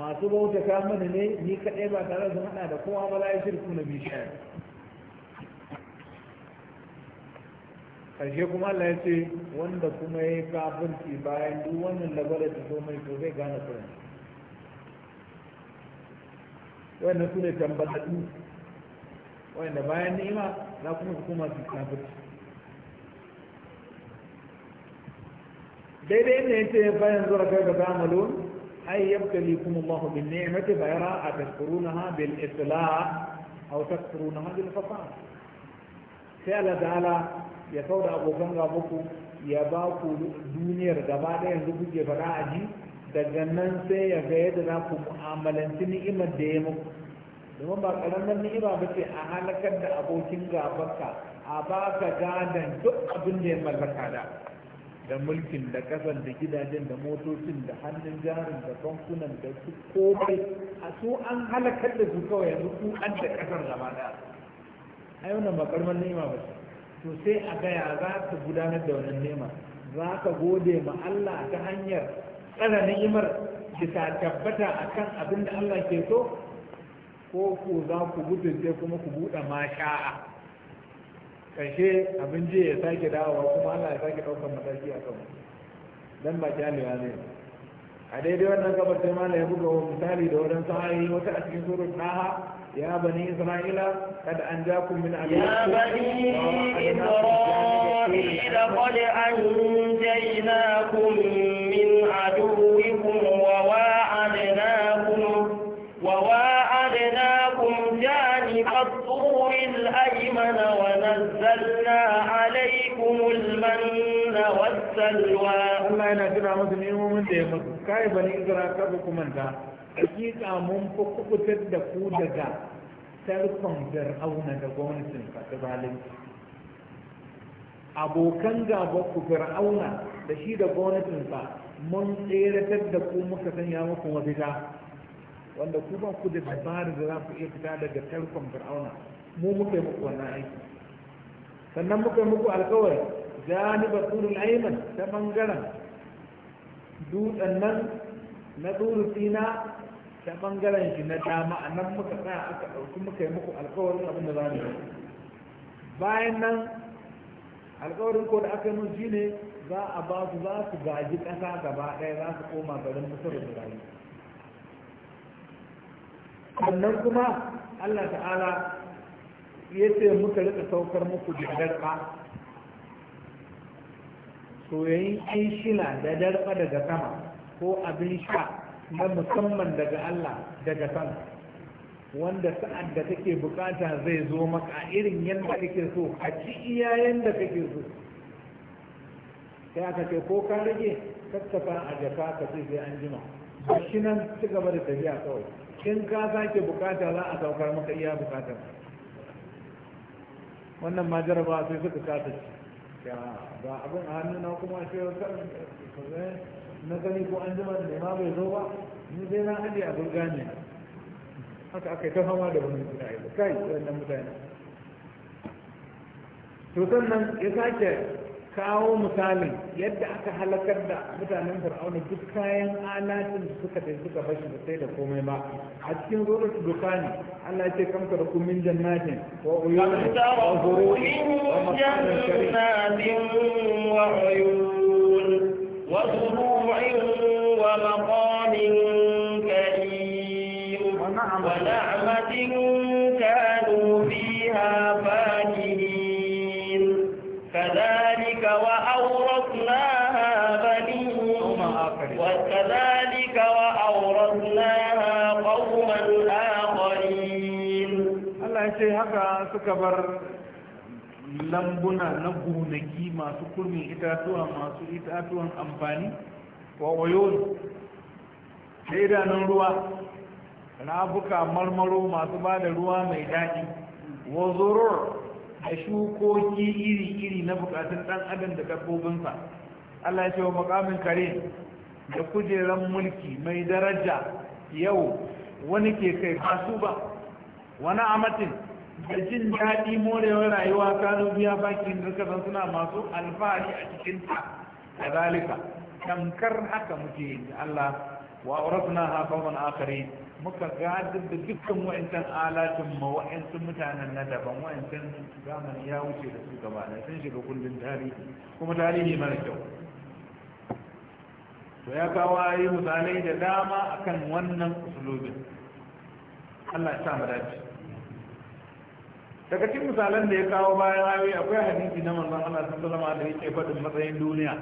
masu bauta ka mana ne ni kaɗai ba tare da haɗa da kowa ba shirku na bishiyar karshe kuma Allah ya ce wanda kuma ya yi kafirci bayan duk wannan labarai ta zo mai to zai gane kuma wannan su ne tambatattu wanda bayan ni'ima za kuma su koma su kafirci daidai inda yace fa yanzu raka ga zamalun yabtali yabtalikum Allah bin ni'mati fa yara atashkurunaha bil islah aw takfurunaha bil fasad sai Allah ta'ala ya sauda abokan ku ya ba ku duniyar gaba ɗaya yanzu kuke fara aji daga nan sai ya ga yadda za ku mu'amalanci ni'imar da ya muku domin ba ƙaramin ni'ima ba ce a halakar da abokin gabarka a ba ka gadon duk abin da ya mallaka da da mulkin da ƙasar da gidajen da motocin da hannun jarin da bankunan da su komai a su an halakar da su kawai yanzu su an da ƙasar gaba da ai wannan ba ƙaramin ni'ima ba ce to sai a gaya za ka gudanar da wannan nema za ka gode ma Allah ta hanyar tsara ni'imar bisa tabbata kan abin da Allah ke so ko ku za ku gudunce kuma ku buɗe ma sha'a ƙarshe abin jiya ya sake dawowa kuma Allah ya sake ɗaukar mataki a kan dan ba ne a daidai wannan gabar sai mala ya buga misali da wajen sa'ayi wata a cikin surun naha ya bani isra'ila kad an ku min ya bani isra'ila qad anjaynakum عدوكم وواعدناكم وواعدناكم جانب الطور الأيمن ونزلنا عليكم المن والسلوى الله ينزل mutum imomin da ya mutu kai bani hakika mun fi kubutar da ku daga tarkon fir'auna da gwamnatin ka ta zalunci abokan gaba ku fir'auna da shi da gwamnatinsa mun tseratar da ku muka sanya muku mafita wanda ku ba ku da dabarar da za ku iya fita daga tarkon fir'auna mu muka yi muku wannan aiki sannan muka yi muku alkawari ba turul aiman ta bangaren dutsen nan na turu sina ta bangaren shi na dama a nan muka tsaya aka ɗauki muka yi muku alkawarin abin da za mu yi bayan nan alkawarin ko da aka yi mun shine za a ba su za su gaji ƙasa gaba ɗaya za su koma garin musulun da rayu sannan kuma allah ta'ala ya ce muka rika saukar muku da darɓa soyayin an da darɓa daga sama ko abin sha na musamman daga allah daga sama wanda sa'ad da kake bukata zai zo maka irin yadda kake so a ci iya yadda kake so sai aka ce ko ka rage kakkafa a jaka ka ce sai an jima shi nan ci gaba da tafiya kawai in ka sake bukata za a saukar maka iya bukatar wannan ma jaraba sai suka kasa ci ba abin a hannu na kuma shi na gani ko an jima da ma bai zo ba ni sai na ajiye a gurgani haka aka yi ta fama da wani mutane kai wannan mutane to sannan ya sake kawo misalin yadda aka halakar da mutanen fir'auna duk kayan alatin da suka tafi suka bashi da sai da komai ba a cikin zuwa dukani Allah ya ce kam ka rukum min jannatin wa uyun wa zururin wa jannatin wa uyun wa zururin wa maqamin karim wa na'matin suka bar lambuna na gonaki masu kurmin itatuwa masu itatuwan amfani wa oyon da idanun ruwa rabuka marmaro masu ba da ruwa mai daɗi wa zurur da shukoki iri-iri na bukatun ɗan adam da dabbobinsa allah ce wa makamin kare da kujeran mulki mai daraja yau wani ke kai kasu ba wani amatin da jin daɗi morewar rayuwa kanu biya bakin zan suna masu alfahari a cikin ta da zalika tamkar haka muke da Allah wa aurasna ha qauman akari muka ga da dukkan wa'ancan alatin ma wa'ancan mutanen na daban wa'ancan zamani ya wuce da su gaba da sun shiga kundin tarihi kuma tarihi mara kyau to ya kawo ayi misalai da dama akan wannan usulobin Allah ya sa mu dace daga cikin misalan da ya kawo bayan ayoyi akwai hadisi na manzon Allah sallallahu alaihi wasallam da yake fadin matsayin duniya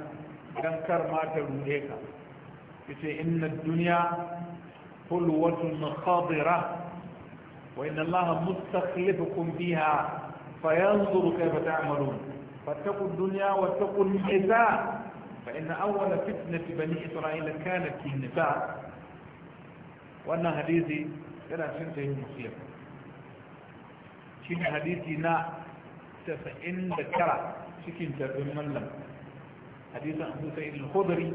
dan kar ma ta ruɗe ka yace inna ad dunya hulwatun khadira wa inna Allah mustakhlifukum fiha fayanzuru kayfa ta'malun fattaqu dunya wa taqu nisa فإن أول فتنة بني إسرائيل كانت nifaq النساء وأن هديثي إلى سنته مسلمة shi ne hadisi na 99 cikin tarbin mallam hadisin abu sa'id al-khudri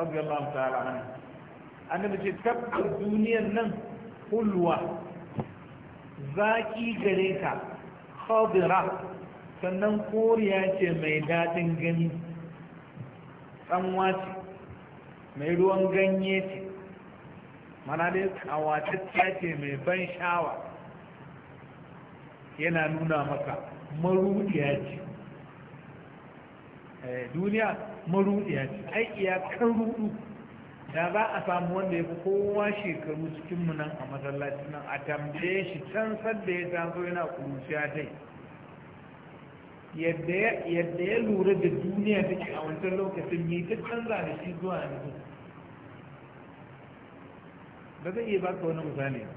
radiyallahu hannu an da mace tabbar duniyar nan hulwa zaki gare ta khadira sannan koriya ce mai daɗin gani tsanwa ce mai ruwan ganye ce mana dai kawatacciya ce mai ban sha'awa yana nuna maka maruɗiya ce eh, duniya maruɗiya ce ai iyakar ruɗu da za a samu wanda ya fi kowa shekaru cikin nan a masallaci nan a tambaye shi can sadda ya taso yana kuruciya dai yadda ya lura da duniya take a wancan lokacin yi ta canza da shi zuwa yanzu ba zai iya baka wani misali ba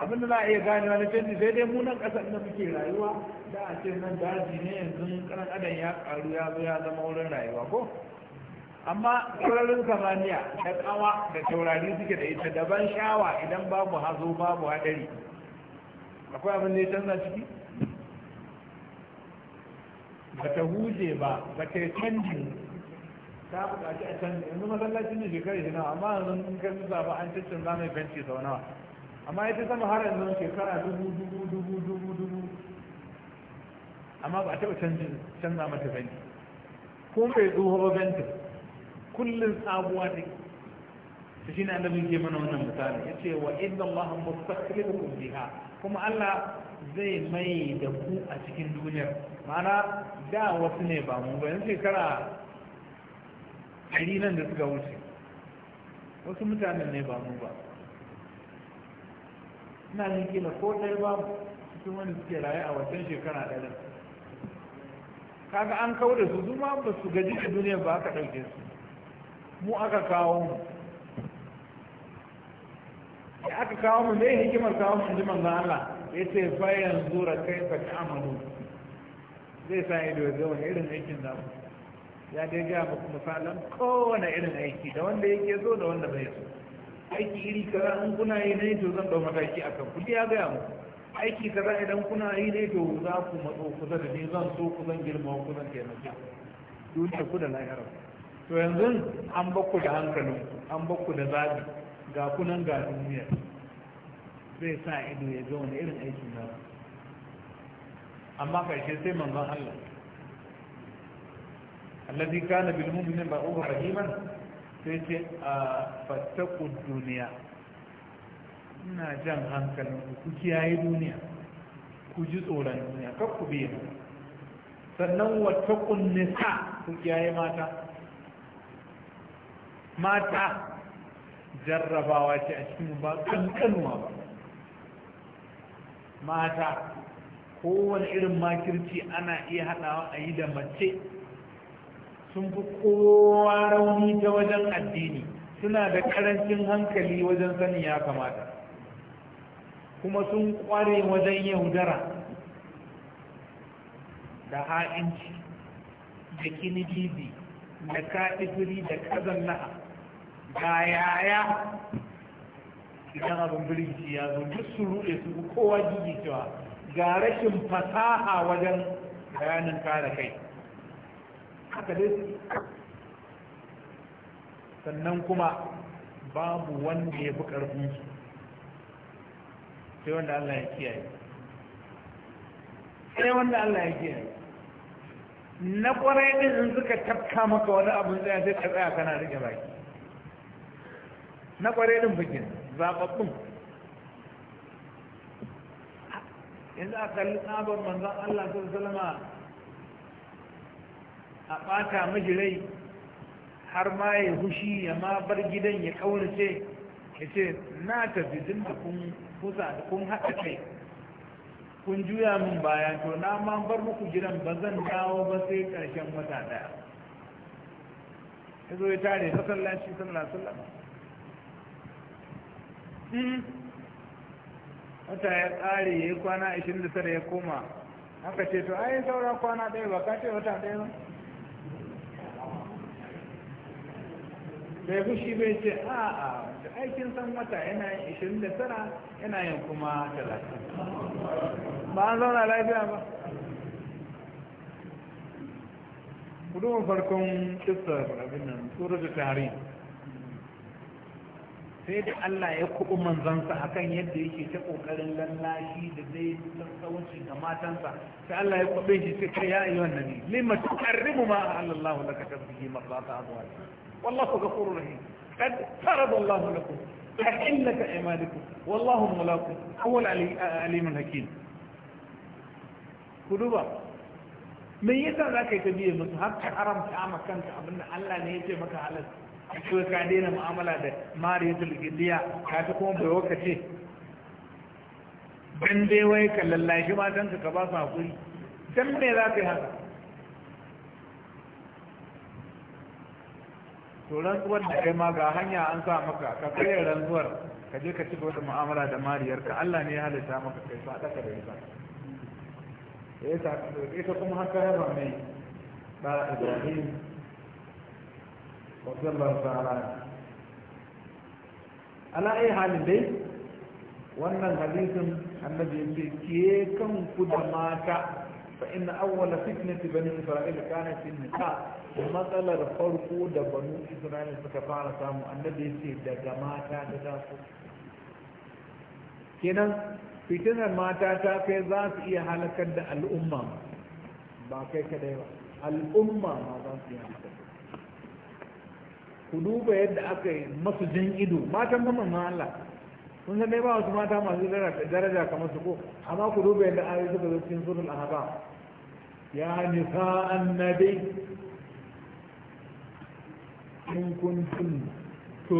abinda za a iya ganewa wani canji sai dai mu nan ƙasar da muke rayuwa da a ce nan daji ne yanzu karan adam ya karu ya zo ya zama wurin rayuwa ko amma sararin samaniya da kawa da taurari suke da ita daban shawa idan babu hazo babu hadari akwai abin da ya canza ciki ba ta huje ba ba ta canji ta buƙaci a canji yanzu masallacin ne shekaru shi nawa amma yanzu in ka zuba an cancanza mai fenti sau nawa amma ita zama har yanzu shekara dubu dubu dubu dubu dubu amma ba a taɓa canza mata bane ko bai tsoho ba banta kullum sabuwa ne ta shi ne annabin ke mana wannan misali ya ce wa inda Allah mustaqbilukum biha kuma Allah zai mai da ku a cikin duniyar ma'ana da wasu ne ba mu ba shekara ɗari nan da suka wuce wasu mutanen ne ba mu ba ina jin kila ko ɗaya ba cikin wani suke raye a wancan shekara ɗaya kaga an kawo da su zuma ba su gaji da duniya ba aka ɗauke su mu aka kawo mu ya aka kawo mu ne hikimar kawo mu ji manzan Allah ya ce bayan zura kai ka ci amalu zai sa ido ya wani irin aikin da ya dai ga muku misalan kowane irin aiki da wanda yake so da wanda bai zo aiki iri kaza in kuna yi ne to zan dau mataki kan kudi ya gaya mu aiki kaza idan kuna yi ne to za ku matso kusa da ni zan so ku zan girma ku zan taimake duniya ku da lahira to yanzu an ku da hankalin an ku da zabi ga kunan ga duniya zai sa ido ya ga wani irin aikin na amma karshe sai manzon Allah alladhi kana bil mu'minin ba'uhu rahiman sai ce a fattakun duniya ina jan hankalin ku kiyaye duniya ku ji tsoron duniya kar ku biya sannan wattakun nisa ku kiyaye mata mata jarrabawa ce a cikin ba kankanuwa ba mata kowane irin makirci ana iya haɗawa a yi da mace sun fi kowa rauni ta wajen addini suna da karancin hankali wajen sanin ya kamata kuma sun kware wajen yaudara da ha'inci da kinibibi da kaɗifiri da ƙazan na'a ga yaya idan abin birgici ya zo duk su ruɗe su kowa jiji cewa ga rashin fasaha wajen bayanin kare kai haka dai sannan kuma babu wanda ya fi ƙarfin su sai wanda Allah ya kiyaye sai wanda Allah ya kiyaye na kware din in suka tafka maka wani abu tsaya sai ka tsaya kana rike baki na kware din bikin zababbun yanzu a kalli tsabar manzan Allah sun salama a ɓata majirai har ma ya hushi ya ma bar gidan ya kaurace ya ce na tafi tun da kun kusa da kun haɗa kai kun juya min baya to na ma bar muku gidan ba zan dawo ba sai ƙarshen wata ɗaya ya zo ya tare masallaci sallallahu alaihi hmm. wata ya ƙare ya yi kwana 29 ya koma haka ce to ai saura kwana ɗaya ba ka ce wata ɗaya ba bai fushi bai ce a a da aikin san wata yana yin ishirin da tara yana yin kuma talatin ba an zauna lafiya ba kudurin farkon kistar abin nan tsoro da tarihi sai da Allah ya kuɓi manzansa akan yadda yake ta ƙoƙarin lallashi da zai sassauci da matansa sai Allah ya kuɓe shi sai kai ya yi wannan ne lima tukarrimu ma Allah laka tasbihi marrata azwaji والله غفور رحيم قد فرض الله لكم أحلة أعمالكم والله ملاقكم هو العليم الحكيم كدوبا me yasa za ka yi ta biye musu har ka haramta ma abinda Allah ne ya ce maka halas cewa ka daina mu'amala da mariyatul gidiya ka ta kuma bai waka ce dan dai wai ka lallashi matan ka ba su dan me za ka yi haka to rantsuwar da kai ma ga hanya an sa maka ka kai rantsuwar ka je ka ci gaba da mu'amala da mariyar ka Allah ne ya halitta maka kai fa daka da yasa. yasa ita kuma haka ya mai ba Ibrahim sallallahu ta'ala ala ai halin dai wannan hadisin annabi ya ce ke kanku da mata فإن أول فتنة بني إسرائيل كانت في النساء مثل الفرق ده بنو إسرائيل فكفار سامو النبي سيد ده جماعة تدافو كنا فتنة ما تاتا في ذات إيه حالك ده الأمة باكي كده الأمة ما ذات إيه حالك ku yadda aka yi masu jin ido matan kuma ma Allah kun san dai ba wasu mata masu daraja kamar su ko amma ku duba yadda ayoyi suka zo cikin sunan ahzab يا نساء النبي إن كنتن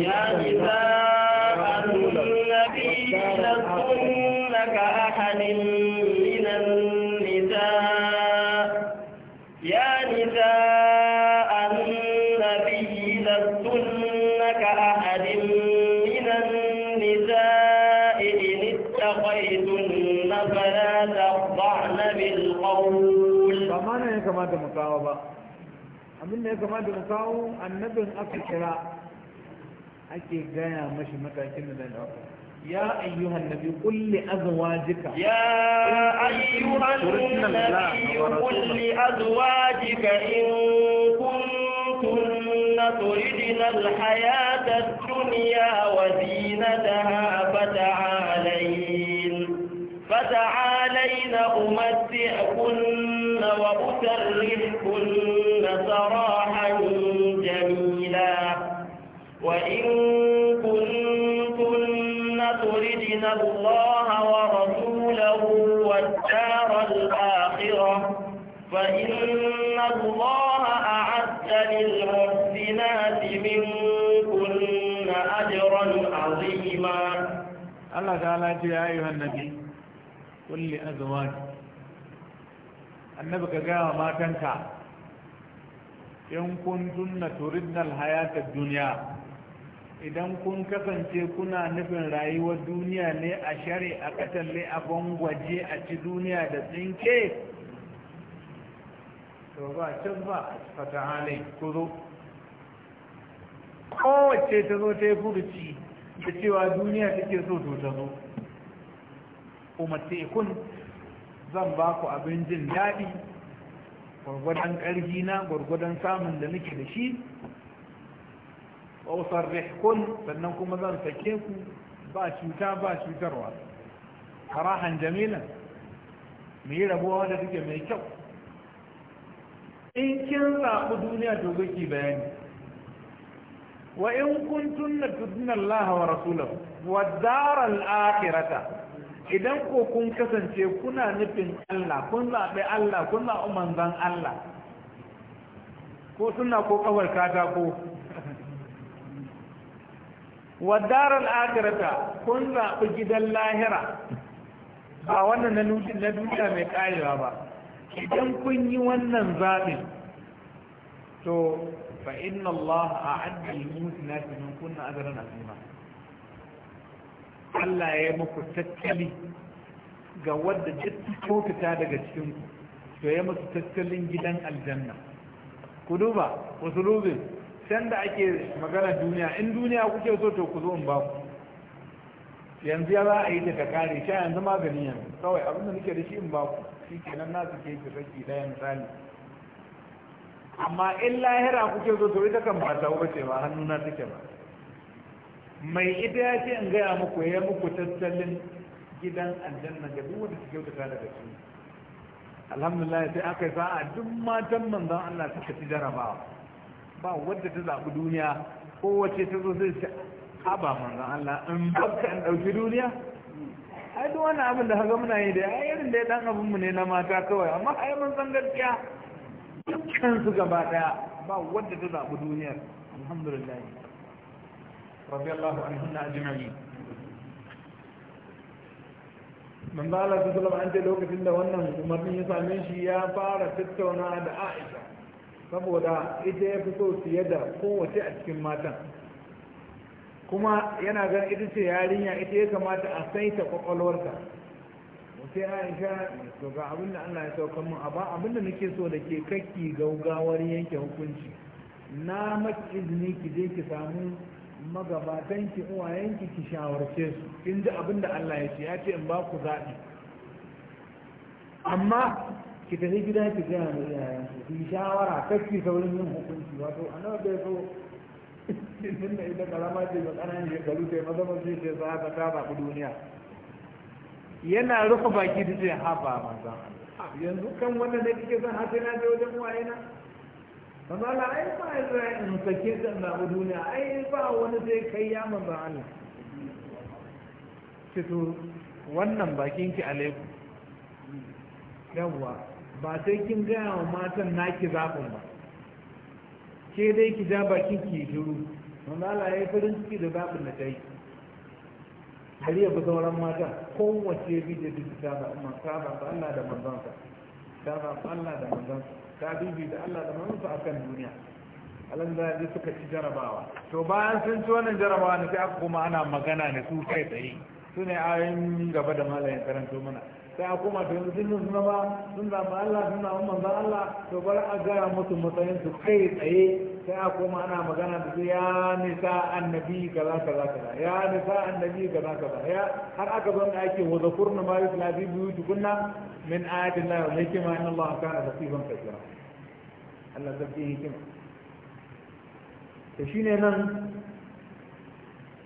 يا نساء النبي لك أحد kawo ba abin da ya kamata mu kawo annabin aka kira ake gaya mashi matakin da zai dauka يا أيها النبي قل لأزواجك يا أيها النبي قل لأزواجك إن كنتن تردن الحياة الدنيا وزينتها فتعالين فتعالين الله ورسوله والدار الآخرة فإن الله أعد للمحسنات منكن أجرا عظيما الله تعالى يا أيها النبي قل لأزواجك قال ما تنكع إن كنتن تردن الحياة الدنيا idan kun kasance kuna nufin rayuwar duniya ne a share a katalle a gwangwaje a ci duniya da tsinke to ba can ba fata halin ku zo kowace ta zo ta yi furuci da cewa duniya ke so to ta zo Kuma tekun zan ba ku abin jin daɗi gwargwadon ƙarfi na gwargwadon samun da nake da shi wa usarrihkun sannan kuma zan sake ku ba cuta ba cutarwa karahan jamilan mu yi rabuwa da take mai kyau in kin zaɓi duniya to gaki bayani wa in na tudna Allah wa rasulahu wa daral akhirata idan ko kun kasance kuna nufin Allah kun zaɓi Allah kun zaɓi manzon Allah ko suna ko kawar katako waddarar akirata kun zaɓi gidan lahira ba wannan na duniya mai ƙarewa ba idan kun yi wannan zaɓin to fa inna Allah a addin musina min kunna na azima Allah ya yi muku tattali ga wadda kyautata daga cikinku, to ya musu tattalin gidan aljanna ku duba usulubin can da ake magana duniya in duniya kuke so to ku zo in ba ku yanzu ya za a yi ta kare sha yanzu magani yanzu kawai abin da nake da shi in ba ku shi nan na suke yi saki ɗaya misali amma in lahira kuke so to ita kan ba ta wuce ba na take ba mai ita ya ce in gaya muku ya muku tattalin gidan aljanna ga duk wanda suke wuta daga cikin alhamdulillah sai aka yi sa'a duk matan manzon Allah suka ci jarabawa ba wadda ta zaɓi duniya ko wacce ta zo zai ce ba manzan Allah in babka in ɗauki duniya ai duk wani abin da haga muna yi da ai irin da ya ɗan abinmu ne na mata kawai amma ai mun san gaskiya dukkan su gaba ɗaya ba wadda ta zaɓi duniyar alhamdulillah rabbi Allahu anhunna ajma'i man ba Allah su an ce lokacin da wannan umarnin ya same shi ya fara tattauna da Aisha saboda ita ya fi so fiye da kowace a cikin matan kuma yana gan ita ce yarinya ita ya kamata a saita kwakwalwarta sai aisha to ga abin da allah ya sauka mun a ba abin da nake so da ke kakki gaugawar yanke hukunci na maki izini ki je ki samu magabatan ki uwayen ki ki shawarce su in ji abin da allah ya ce ya ce in ba ku zaɓi amma ki tafi gida ki gaya mai yayan ki yi shawara kakki saurin yin hukunci wato nan bai so tun da ita karama ce ga ƙananan shekaru ta yi maza mace ce za ka ta ku duniya yana rufe baki da ce haɓa maza yanzu kan wannan da kike son hace na je wajen wayena amma la ai ba ya in sake ta na duniya ai ba wani zai kai ya manzo Allah ki to wannan bakin ki alaikum yawwa ba sai kin gaya wa matan naki zaɓin ba ke dai ki ja bakin ki shiru wanda Allah ya yi farin ciki da zaɓin da ta yi har yabi sauran matan kowace bidiyar da ta amma ta zaɓa Allah da manzansa ta zaɓa Allah da manzansa ta bibi da Allah da manzansa akan duniya alan da suka ci jarabawa to bayan sun ci wannan jarabawa ne sai aka kuma ana magana ne su kai tsaye su ne ayoyin gaba da malayin karanto mana sai a koma to yanzu sun suna ba sun zaɓi Allah sun zaɓi manzan Allah to bari a gaya musu matsayin su kai tsaye sai a koma ana magana da su ya nisa annabi kaza kaza kaza ya nisa annabi kaza kaza ya har aka zo da ake wazakurna ma yusla biyu buyutikunna min ayatin Allah wa hikma inna Allah kana basirun kabira Allah zabbi kima to shine nan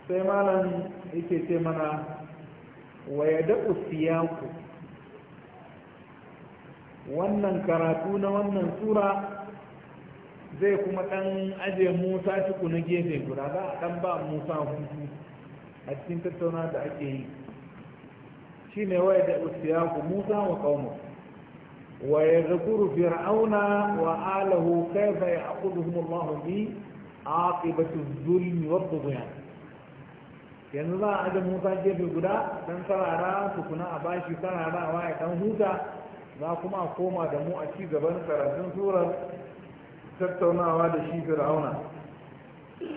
sai malam yake ce mana wa yada'u siyaku wannan karatu na wannan sura zai kuma ɗan aje musa tuku na gefe guda za a dan ba musa hutu a cikin tattauna da ake yi shi ne waya da usiyaku musa wa kawo wa ya zakuru fir'auna wa alahu kaifa ya kuma mahu bi aqibatu zulmi wa dhuyan yanzu za a aje musa gefe guda dan sarara kuna a bashi a ya dan huta na kuma a koma da mu a ci gaban karatun surar tattaunawa da shi fir'auna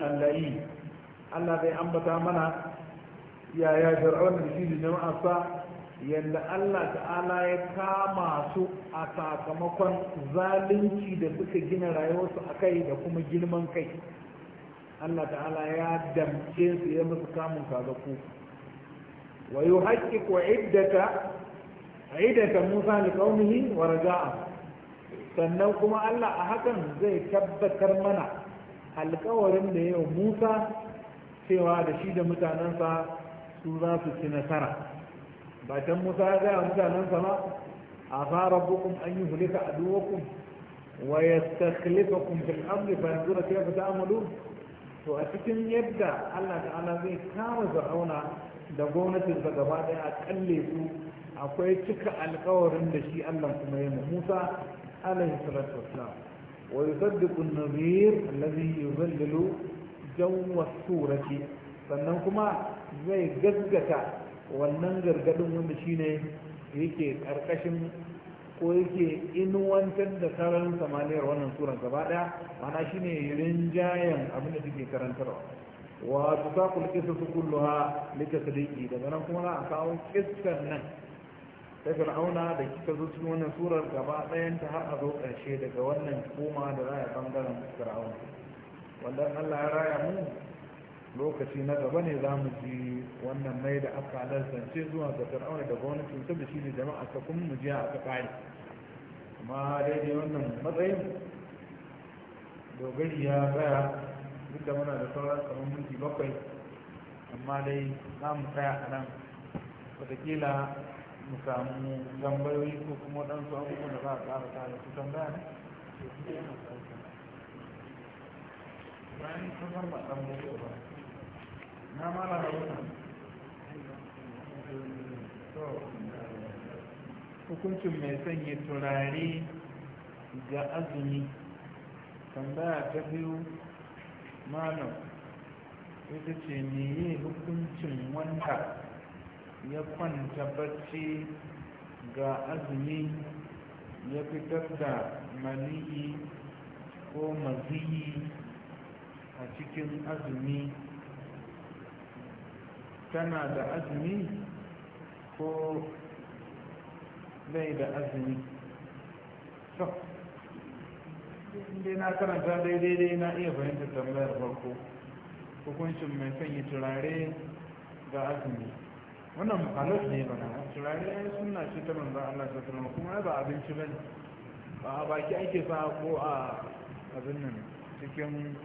allahi allah bai ambata mana yaya fir'auna da shi da jama'arsa yadda allah ta'ala ya kama su a sakamakon zalunci da suka gina rayuwarsu a kai da kuma girman kai allah ta'ala ya damce su ya musu kamun kaga ku wa yuhaqqiqu iddata aidata Musa da qaumihi wa raja'a sannan kuma Allah a hakan zai tabbatar mana alƙawarin da yau Musa cewa da shi da mutanensa su za su ci nasara batan Musa ya gaya mutanensa ba a fara bukun an yi hulika a duwakun wa ya fil amri fa da kai to a cikin yadda Allah ta'ala zai kama fir'auna da gwamnatin gaba ɗaya a kalle su akwai cika alkawarin da shi Allah kuma yana Musa alaihi salatu wassalam wa yusaddiqu an-nadhir alladhi yuzallilu jawwa surati sannan kuma zai gaggata wannan gargadin wanda shine yake karkashin ko yake inuwantar da sararin samaniyar wannan suran gaba daya mana shine rinjayen abin da take karantarwa wa tusaqul qisasu kulluha litasdiqi daga nan kuma na kawo kissan nan ta auna da kika zo cikin wannan surar gaba ta har a zo ƙarshe daga wannan koma da za a bangaren fir'auna wanda allah ya raya mu lokaci na gaba ne za mu ji wannan mai da aka halartance zuwa ga fir'auna da gwamnatin ta da shi ne jama'a ta kuma mu ji a ta ƙari amma daidai wannan matsayin dogari ya tsaya duk da muna da sauran kamar minti bakwai amma dai za mu tsaya a nan wataƙila mu samu ko kuma ɗansu abubuwan da za a ƙara ta da su tambaya ne bayan sun har ba ɗan gobe ba na mara da wannan hukuncin mai sanya turare ga azumi tambaya ta biyu malam ita ce meye hukuncin wanda ya kwanta bacci ga azumi ya fitar da mani'i ko maziyi a cikin azumi tana da azumi ko bai da azumi so dai na karanta daidai dai na iya fahimta tambayar farko hukuncin mai sanya turare ga azumi wannan halas ne ba mana turare yi suna ce ta manzo Allah ta sallama kuma ba abinci ba ne ba a baki ake sa ko a abin nan cikin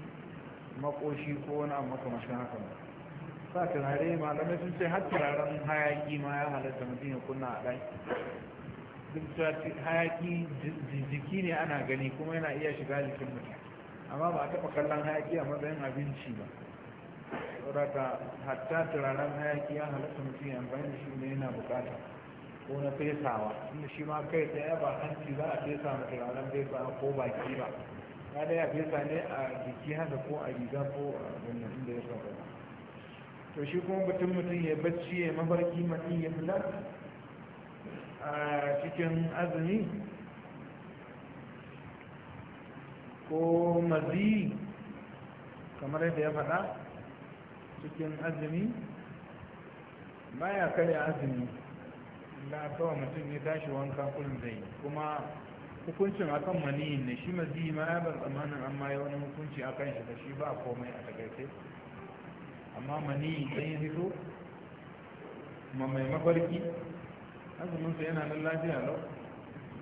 makoshi ko wani abu makamashin haka ba sa turare malamai sun ce har turaren hayaki ma ya halatta mutum ya kunna a ɗaki duk hayaki jiki ne ana gani kuma yana iya shiga jikin mutum amma ba a taɓa kallon hayaki a matsayin abinci ba saboda hatta turaren hayaki ya halatta mutum ya amfani da shi ne yana bukata ko na fesawa inda shi ma kai tsaye ba hanci za a fesa ma turaren fesa ko baki ba ya da ya fesa ne a jiki haka ko a riga ko a wannan da ya sauka to shi kuma mutum mutum ya bacci ya mafarki mutum ya fula a cikin azumi ko mazi kamar yadda ya faɗa cikin azumi baya karya azumi da kawai mutum ya tashi wanka kullum zai kuma hukuncin akan maniyin ne shi mazi ma ya bar tsamanin amma ya wani hukunci akan shi da shi ba komai a takaice amma maniyin sai ya hito ma mai mafarki azuminsa yana nan lafiya lau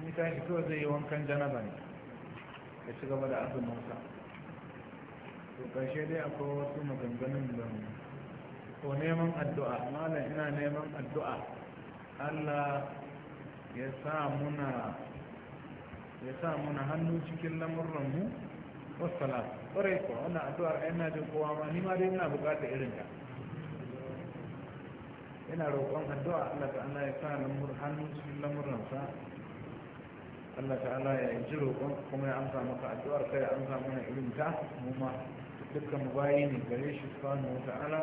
ni ta hito zai yi wankan janaba ne ya ci gaba da azuminsa to ƙarshe dai akwai wasu maganganun da ko neman addu'a malam ina neman addu'a allah ya sa muna ya sa muna hannu cikin lamurranmu wasala ƙwarai ko wannan addu'ar ina jin kowa ma ni ma dai ina bukata irin ta ina roƙon addu'a allah ta allah ya sa lamur hannu cikin lamurransa allah ta allah ya ji roƙon kuma ya amsa maka addu'ar kai ya amsa mana irin ta mu ma dukkan bayi ne gare shi subhanahu wata'ala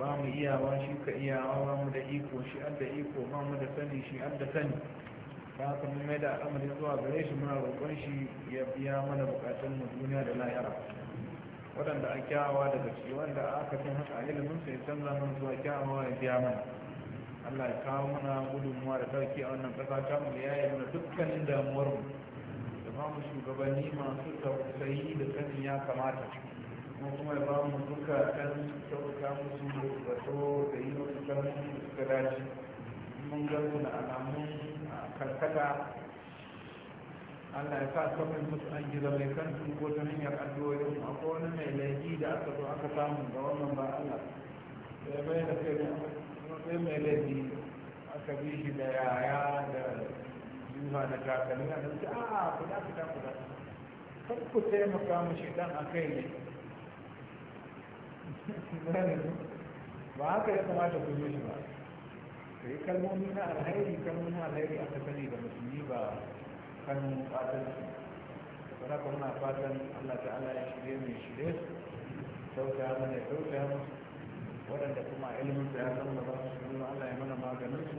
ba mu iyawa shi ka iyawa ba mu da iko shi an da iko ba mu da sani shi an da sani Ba haka mai da al'amari zuwa gare shi muna roƙon shi ya biya mana buƙatun mu duniya da lahira waɗanda a kyawawa daga ciki wanda aka cin haka a ilimin sai canza mana zuwa kyawawa ya biya mana Allah ya kawo mana gudunmuwa da ɗauki a wannan ƙasa ta mu ya yi mana dukkanin damuwar mu da ba mu shugabanni masu tausayi da sani ya kamata kuma ya ba mu duka kan kyauta musu zato da yi wasu kalmomi suka dace mun ga da alamun karkata Allah ya sa kafin musu an gida mai kan su ko ta hanyar addu'o'in akwai wani mai laifi da aka zo aka samu da wannan ba Allah kai mai laifi aka bi shi da yaya da juha da kakanni a nan a kuda kuda kuda kar ku taimaka mu shi dan a kai ne ba haka ya kamata ku yi shi ba sai kalmomi na alhairi kalmomi na alhairi aka sani da musulmi ba kan fatan su ba kuma fatan allah ta'ala ya shirye mai shirye su sauta mana ya sauta musu waɗanda kuma ilimin da ya san ba su kuma allah ya mana maganin su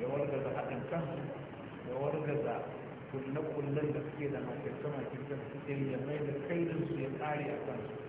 ya wargaza haɗin kan su, ya wargaza kulle-kullen da suke da masu makirce suke yi ya mai da kaidan su ya ƙare a kansu